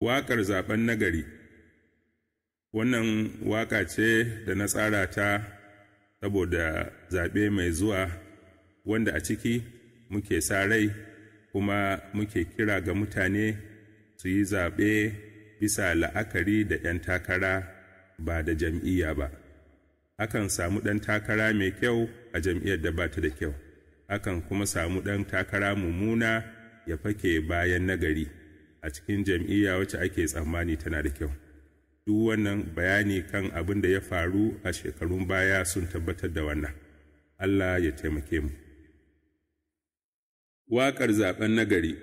Waƙar zaɓen nagari Wannan waƙa ce da na tsara ta saboda zaɓe mai zuwa wanda a ciki muke sa rai kuma muke kira ga mutane su yi zaɓe bisa la'akari da 'yan takara ba da jam'iyya ba. Akan samu ɗan takara mai kyau a jam'iyyar da ba ta da kyau, akan kuma samu ɗan takara mummuna ya fake bayan nagari. a cikin jam'iyya wacce ake tsammani tana da kyau duk wannan bayani kan abin da ya faru a shekarun baya sun tabbatar da wannan allah ya taimake mu waƙar zaɓen nagari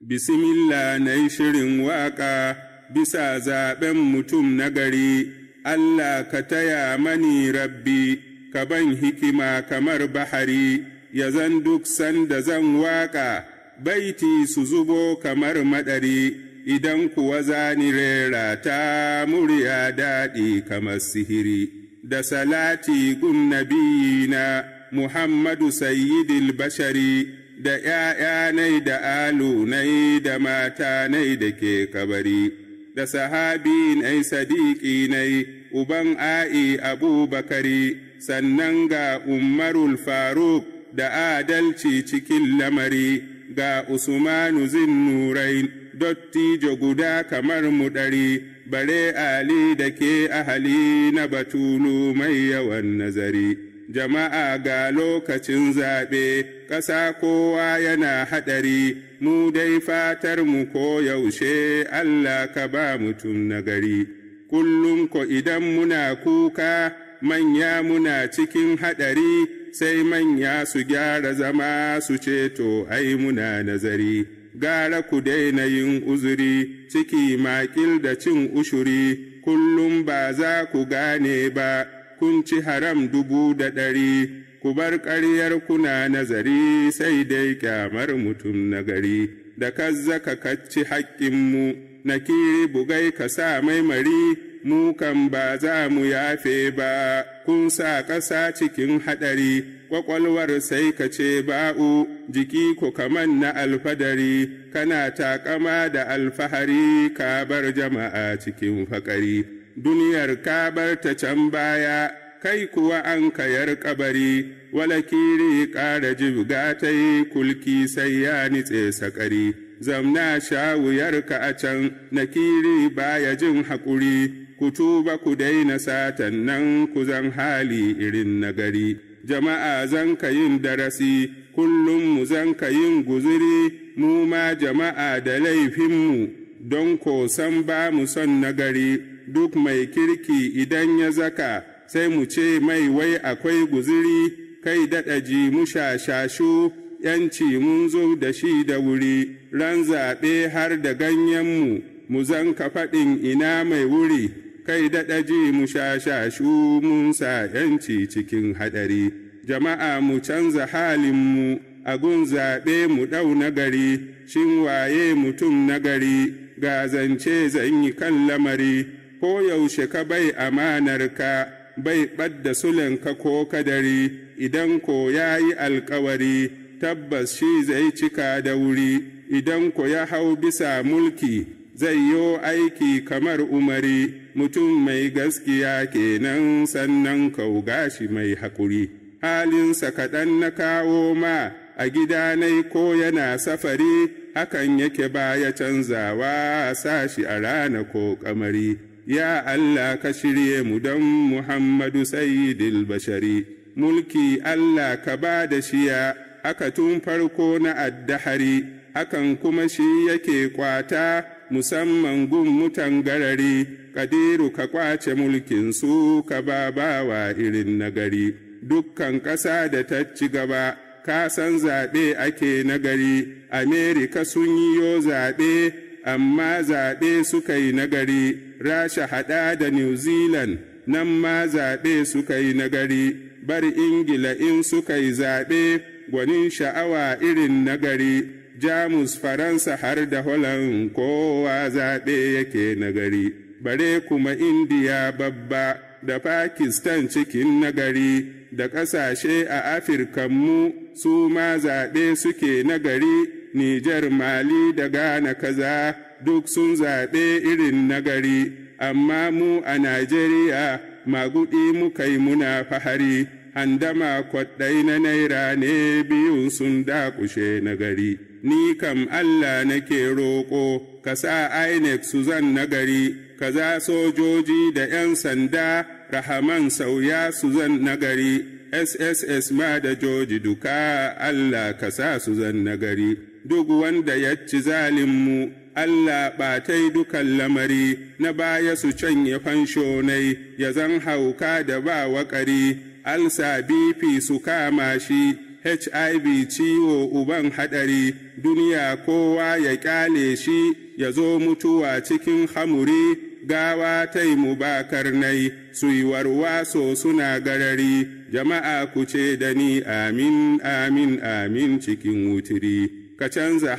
bismillah na yi shirin waƙa bisa zaɓen mutum nagari allah ka taya mani rabbi ka ban hikima kamar bahari ya zan duk sanda zan waƙa baiti su zubo kamar maɗari, idan kuwa zani rera ta murya daɗi kamar sihiri, da salati gum nabiyina Muhammadu Sayyidil Bashari, da ’ya'yanai da alunai da matanai da ke kabari, da sahabi ai sadiƙi nai, uban a'i abubakari, sannan ga Umarul Faruk da adalci cikin lamari. ga Usmanu zin nurai, dotti guda kamar mu ɗari bare Ali da ke ahali na batulu mai yawan nazari. Jama'a ga lokacin zaɓe, ƙasa kowa yana haɗari, mu dai fatar mu ko yaushe Allah ka ba mutum nagari. Kullum ko idan muna kuka, manya muna cikin haɗari, sai manya su gyara zama su ce to ai muna nazari gara ku daina yin uzuri ciki makil da cin ushuri kullum ba za ku gane ba kun ci haram dubu da ɗari ku bar ƙaryar kuna nazari sai dai kyamar mutum nagari da kazzaka kacci haƙƙinmu na kiri bugai ka sa mai mari mu kan ba za mu yafe ba, kun sa ƙasa cikin haɗari, ƙwaƙwalwar sai ka ce ba'u, jiki ku kaman na alfadari, kana taƙama da alfahari ka bar jama'a cikin faƙari. Duniyar ka bar ta can baya, kai kuwa an kayar kabari, wala kiri ƙara jibga ta kulki sai ya nitse sakari, zamna sha wuyarka a can, na kiri baya jin haƙuri, ku tuba ku daina satan nan ku zan hali irin nagari. Jama'a zan ka yin darasi, kullum mu zan ka yin guziri, mu ma jama'a da laifinmu, don ko san ba mu son nagari, duk mai kirki idan ya zaka, sai mu ce mai wai akwai guziri, kai daɗa ji mu shashashu, ‘yanci mun zo da shi da wuri, ran zaɓe har da ganyenmu, mu zan ka faɗin ina mai wuri. kai daɗa ji mu shashashu mun sa ‘yanci cikin haɗari, jama'a mu canza halinmu, a gun zaɓe mu ɗau nagari, shin waye mutum nagari, ga zance zan yi kan lamari, ko yaushe ka bai amanarka, bai ɓadda sulenka ko kadari, idan ko ya yi alkawari, tabbas shi zai cika da wuri, idan ko ya hau bisa mulki, zai yo aiki kamar umari. mutum mai gaskiya kenan sannan kauga shi mai haƙuri halinsa kaɗan na kawo ma a gida nai ko yana safari hakan yake baya canzawa a sa shi a rana ko kamari ya Allah ka shirye mu don Muhammadu Sayyidil Bashari mulki Allah ka ba da shiya aka tun farko na addahari hakan kuma shi yake kwata musamman gun mutan garari kadiru ka kwace mulkinsu ka ba bawa irin nagari dukkan ƙasa da ta ci gaba ka san zaɓe ake nagari amerika sun yi yo zaɓe amma zaɓe suka yi nagari rasha haɗa da new zealand nan ma zaɓe suka yi nagari bar ingila in suka yi zaɓe gwanin sha'awa irin nagari jamus faransa har da holan kowa zaɓe yake nagari bare kuma indiya babba da pakistan cikin nagari da ƙasashe a mu su ma zaɓe suke nagari nijar mali da ghana kaza duk sun zaɓe irin nagari amma mu a najeriya magudi muka yi muna fahari handama kwaɗai na naira ne biyu sun dakushe na gari. Ni kam Allah nake roƙo, ka sa INEC su zan na gari, ka za sojoji da ‘yan sanda, rahaman sauya su zan na gari, SSS ma da joji duka Allah ka sa su zan na gari. Duk wanda ya ci zalinmu, Allah ɓatai dukan lamari, na baya su canye fanshonai, ya zan hauka da ba waƙari. alsa bp su kama shi hiv ciwo uban haɗari. duniya kowa ya ƙyale shi ya zo mutuwa cikin hamuri gawa mu ba karnai su yi warwaso suna garari jama'a ku ce da ni amin amin amin cikin wutiri ka canza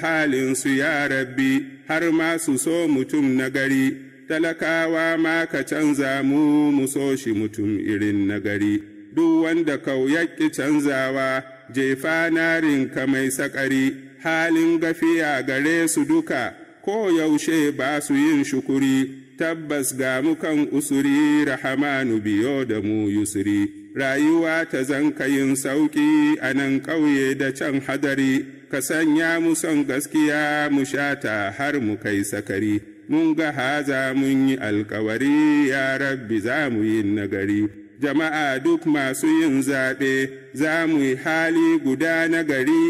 su, ya rabbi har ma su so mutum nagari talakawa ma ka canza mu mu so shi mutum irin nagari duk wanda kau yaƙi canzawa jefa rinka mai saƙari halin gafiya gare su duka ko yaushe ba su yin shukuri tabbas ga mukan usuri rahamanu biyo da mu yusuri rayuwa ta zanka yin sauƙi a nan ƙauye da can hadari ka sanya mu son gaskiya mu shata har mu kai sakari mun ga haza mun yi alkawari ya rabbi za mu yi nagari jama'a duk masu yin zaɓe za mu yi hali guda nagari gari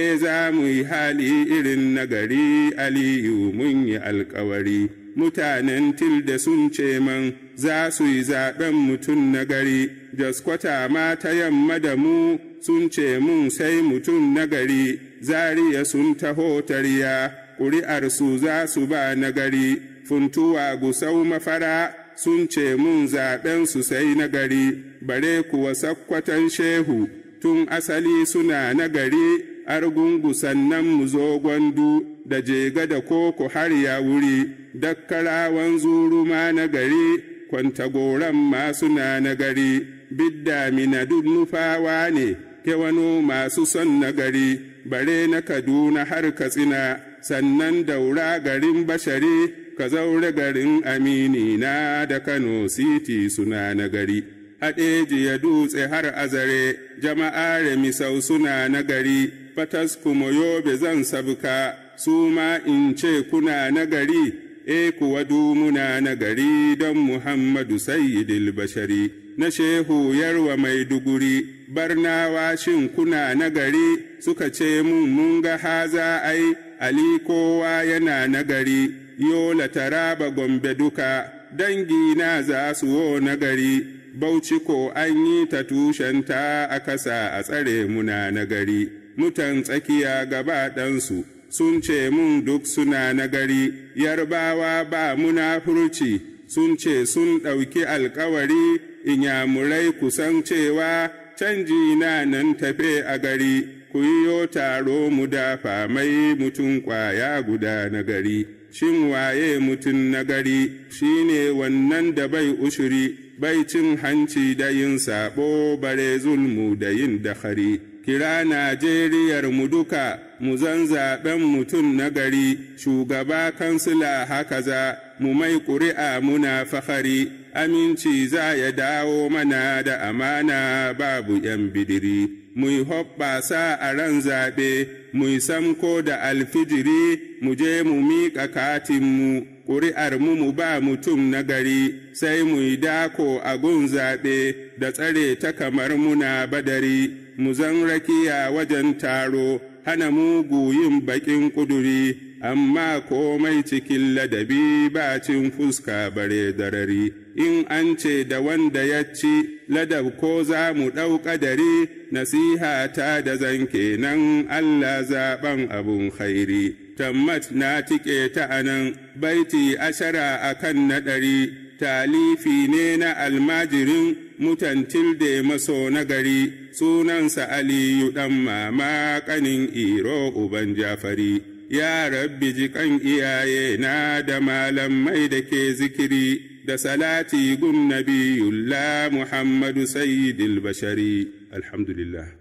e za mu yi hali irin nagari gari aliyu mun yi alkawari mutanen tilda sun ce man za su yi zaɓen mutum nagari gari jaskwata ma ta yamma da mu sun ce mun sai mutum nagari zariya sun taho tariya ƙuri'arsu za su ba nagari funtuwa gusau mafara sun ce mun zaɓen su sai nagari, bare kuwa sakkwatan shehu, tun asali suna nagari, argungu sannan mu zo gwandu, da jega da koko har ya wuri, dakkarawan zuru ma nagari, kwantagoran ma suna nagari, bidda mina duk nufawa ne, kewano masu son nagari, bare na Kaduna har Katsina, sannan daura garin bashari. ka zaure garin aminina da Kano City suna nagari. gari. Haɗeji ya dutse har azare, jama'a remisau suna nagari. gari, fatas kuma yobe zan sabka, su ma in ce kuna na gari, e kuwa dumuna na gari don Muhammadu Sayyidil Bashari. Na shehu yarwa maiduguri, barnawa shin kuna na gari, suka ce mun mun ga haza ai, Ali kowa yana nagari, yola taraba gombe duka dangi na za su wo nagari bauchi ko an yi ta tushenta a kasa a tsare muna nagari mutan tsakiya gaba ɗansu sun ce mun duk suna nagari yarbawa ba muna furci sun ce sun ɗauki alkawari inyamurai kusan cewa canji na nan tafe a gari ku yi yo taro mu dafa mai mutum kwaya guda na gari shin waye mutum nagari shi ne wannan da bai ushuri bai cin hanci da yin saɓo bare zulmu da yin dakari. kira Najeriyar mu duka mu zan mutum nagari shugaba kansila haka za mu mai ƙuri'a muna fahari aminci za ya dawo mana da amana babu ‘yan bidiri mu yi hoɓɓasa a ran zaɓe mu samko da alfijiri mu je mu miƙa katinmu ƙuri'ar mu mu ba mutum na gari sai mu yi dako a gun zaɓe da tsare ta kamar muna badari mu zan rakiya wajen taro hana mugu yin baƙin ƙuduri amma komai cikin ladabi ba cin fuska bare darari. in an ce da wanda ya ci ladab ko za mu ɗau ƙadari nasiha ta da zanke nan Allah zaɓan abun khairi tammat na tike ta anan baiti ashara kan na ɗari talifi ne na almajirin mutantil da maso nagari sunansa aliyu ɗan mama ƙanin iro uban jafari ya rabbi kan iyaye na da malamai da ke zikiri دسلاتي قم نبي الله محمد سيد البشر الحمد لله